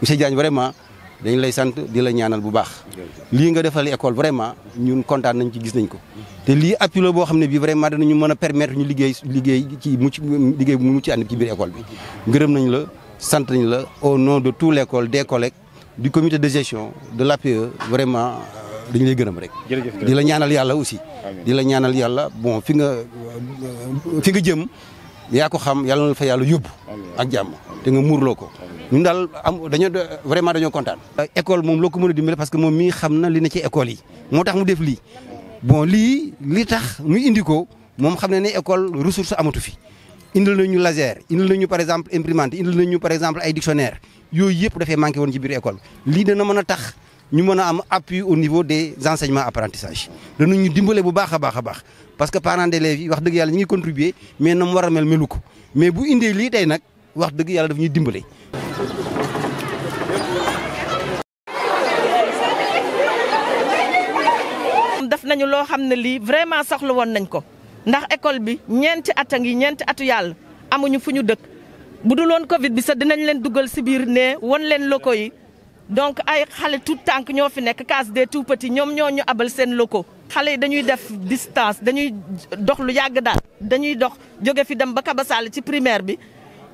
monsieur Diagne vraiment dañ lay sant di la ñaanal bu baax lii nga defal école vraiment ñun kontaan nañ ci gis nañ ko te lii appui la boo xam ne bii vraiment danañu mën a permettre ñu liggéey liggéey ci mucc liggéey bu mucc ànd ci biir école bi gërëm nañ la sant nañ la au non de tout l'école des collègues du comité de gestion de l'APE vraiment dañu lay gërëm rek di la ñaanal yàlla aussi di la ñaanal yàlla bon fi nga fi nga jëm yaa ko xam yàlla na la fa yàlla yóbbu ak jàmm te nga muurloo ko ñun daal am dañoo vraiment dañoo kontaan. école moom loo ko mën a parce que moom mii xam na li na ci école yi moo tax mu def lii bon lii li tax mu indi ko moom xam na ne école ressource amatu fi. indil nañu laser indil nañu par exemple imprimante indil nañu par exemple ay dictionnaire yooyu yëpp dafay manqué woon ci biir école lii dana mën a tax ñu mën a am appui au niveau des enseignements apprentissage danañu dimbale bu baax a baax a baax parce que parents d'élèves yi wax dëgg yàlla ñu ngi contribuer mais na mu war a mel melu ko mais bu indee lii tey nag wax deug yalla daf ñuy dimbalé daf nañu lo xamné li vraiment soxla won nañ ko ndax école bi ñent at a ngi ñeenti atu yalla amuñu fuñu ñu dëkk bu dul Covid bi sa dinañ leen duggal ci biir né won leen loko yi donc ay xalé tout tank ñoo fi nekk case des tout petits ñom ñoo ñu abal sen loko. xalé dañuy def distance dañuy dox lu yàgg dal dañuy dox jóge fi dem ba Kabasaale ci primaire bi.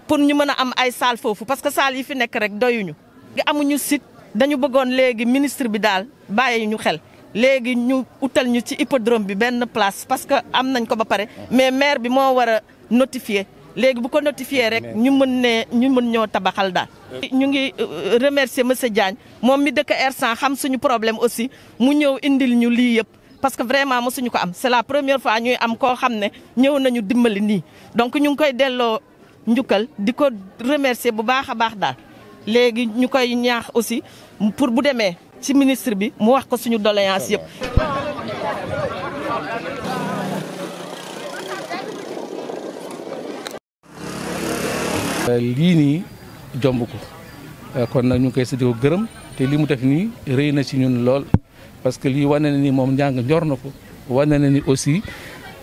pour ñu mën a am ay salle foofu parce que salle yi fi nekk rek doyuñu. amuñu sit dañu bëggoon léegi ministre bi daal bàyyi ñu xel léegi ñu utal ñu ci hippodrome bi benn place parce que am nañ ko ba pare. mais maire bi moo war a notifier léegi bu ko notifier rek ñu mën ne ñu mën ñoo tabaxal daal. ñu ngi euh, euh, remercier monsieur Diagne moom mi dëkk R100 xam suñu problème aussi mu ñëw indil ñu lii yëpp. parce que vraiment mosuñu ko am c'est la première fois ñuy am koo xam ne ñëw nañu dimbali nii njukkal di ko remercier bu baax a baax daal léegi ñu koy ñaax aussi pour bu demee ci ministre bi mu wax ko suñu doléance yëpp. lii nii jomb ko kon nag ñu koy si di ko gërëm te li mu def nii rëy na ci ñun lool parce que lii wane na ni moom njàng njor na ko wane na ni aussi.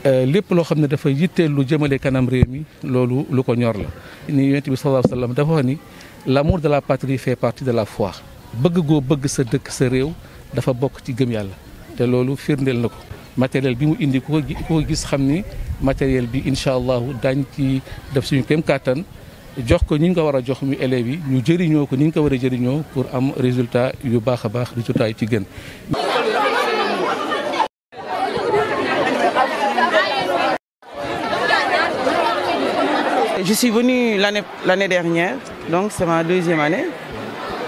Euh, lépp loo xam ne dafa yitteel lu jëmale kanam réew mi loolu lu ko ñor la ni yonent bi sallallahu alayhi wax ni l'amour de la patrie fait partie de la foi bëgg goo bëgg sa dëkk sa réew dafa bokk ci gëm yàlla te loolu firndeel na ko matériel bi mu indi ku ko gis xam ni matériel bi incha allahu daañ ci def suñu kéem kàttan jox ko ñi nga war a jox mu élève yi ñu jëriñoo ko ni ñu ko war a jëriñoo pour am résultat yu baax a baax résultat yi ci gën je suis venu l'année dernière, donc c'est ma deuxième année.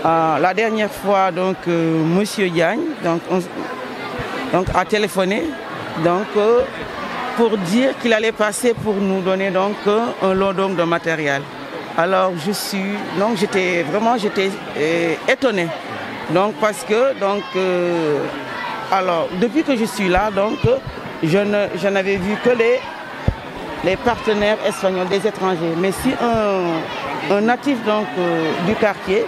Euh, la dernière fois, donc, euh, Monsieur donc, donc, a téléphoné donc, euh, pour dire qu'il allait passer pour nous donner donc, un lot de matériel. Alors je suis, donc j'étais vraiment j'étais étonné. Donc parce que donc alors depuis que je suis là, donc je n'avais vu que les les partenaires espagnols, des étrangers. Mais si un, natif donc, euh, du quartier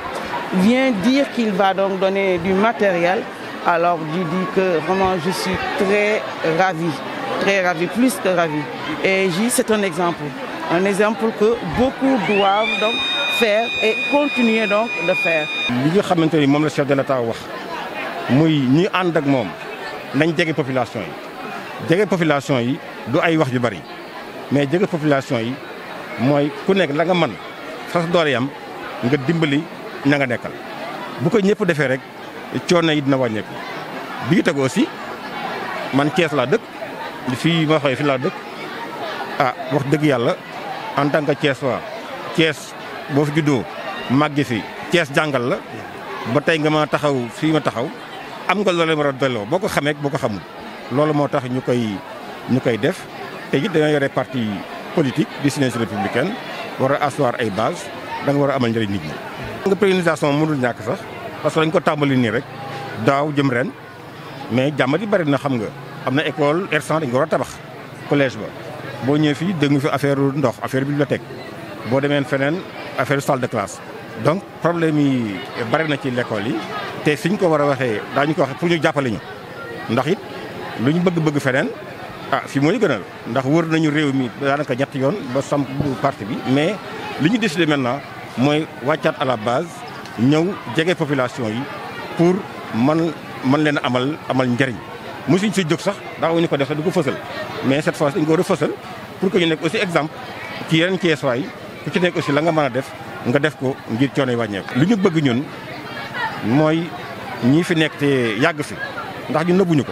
vient dire qu'il va donc donner du matériel, alors je dis que vraiment je suis très ravi, très ravi, plus que ravi. Et c'est un exemple, un exemple que beaucoup doivent donc faire et continuer donc de faire. chef de population mais jege population yi mooy ku nekk la nga mën fas doole yam nga dimbali ña nga nekkal bu ko ñëpp defee rek coono yi dina wàññeeku. bii teg aussi man cees laa dëkk fii ma xëy fi laa dëkk ah wax dëgg yàlla en tant que Thiès waa Thiès boo fi juddoo màgg fi Thiès jàngal la ba tey nga ma taxaw fii ma taxaw am nga loolee war a boo ko xamee boo ko xamul loolu moo tax ñu koy ñu koy def. te it dañoo yore parti politique di Synergie républicaine war a asseoir ay base da nga war a amal njëriñ nit ñi. nga pérennisation mënul ñàkk sax parce que dañ ko tàmbali nii rek daaw jëm ren mais jàmmat yi bari na xam nga am na école R100 dañ ko war a tabax collège ba boo ñëwee fii dégg fi affaire ndox affaire bibliothèque boo demeen feneen affaire salle de classe. donc problème yi bari na ci l'école yi te fiñ ko war a waxee daañu ko waxee pour ñu jàppale ñu ndax it luñ bëgg-bëgg feneen. ah fi mooy gënal ndax wër nañu réew mi daanaka ñetti yoon ba samp parti bi mais li ñu décidé maintenant mooy wàccaat à la base ñëw jege population yi pour man man leen amal amal njariñ mosuñ si jóg sax daawuñu ko def sax du ko fësal mais cette fois dañu ko war a fësal pour que ñu nekk aussi exemple ci yeneen ceesuwaay ku ci nekk aussi la nga mën a def nga def ko ngir coono yi wàññeeku. li ñu bëgg ñun mooy ñii fi nekk te yàgg fi ndax ñu nëbbuñu ko.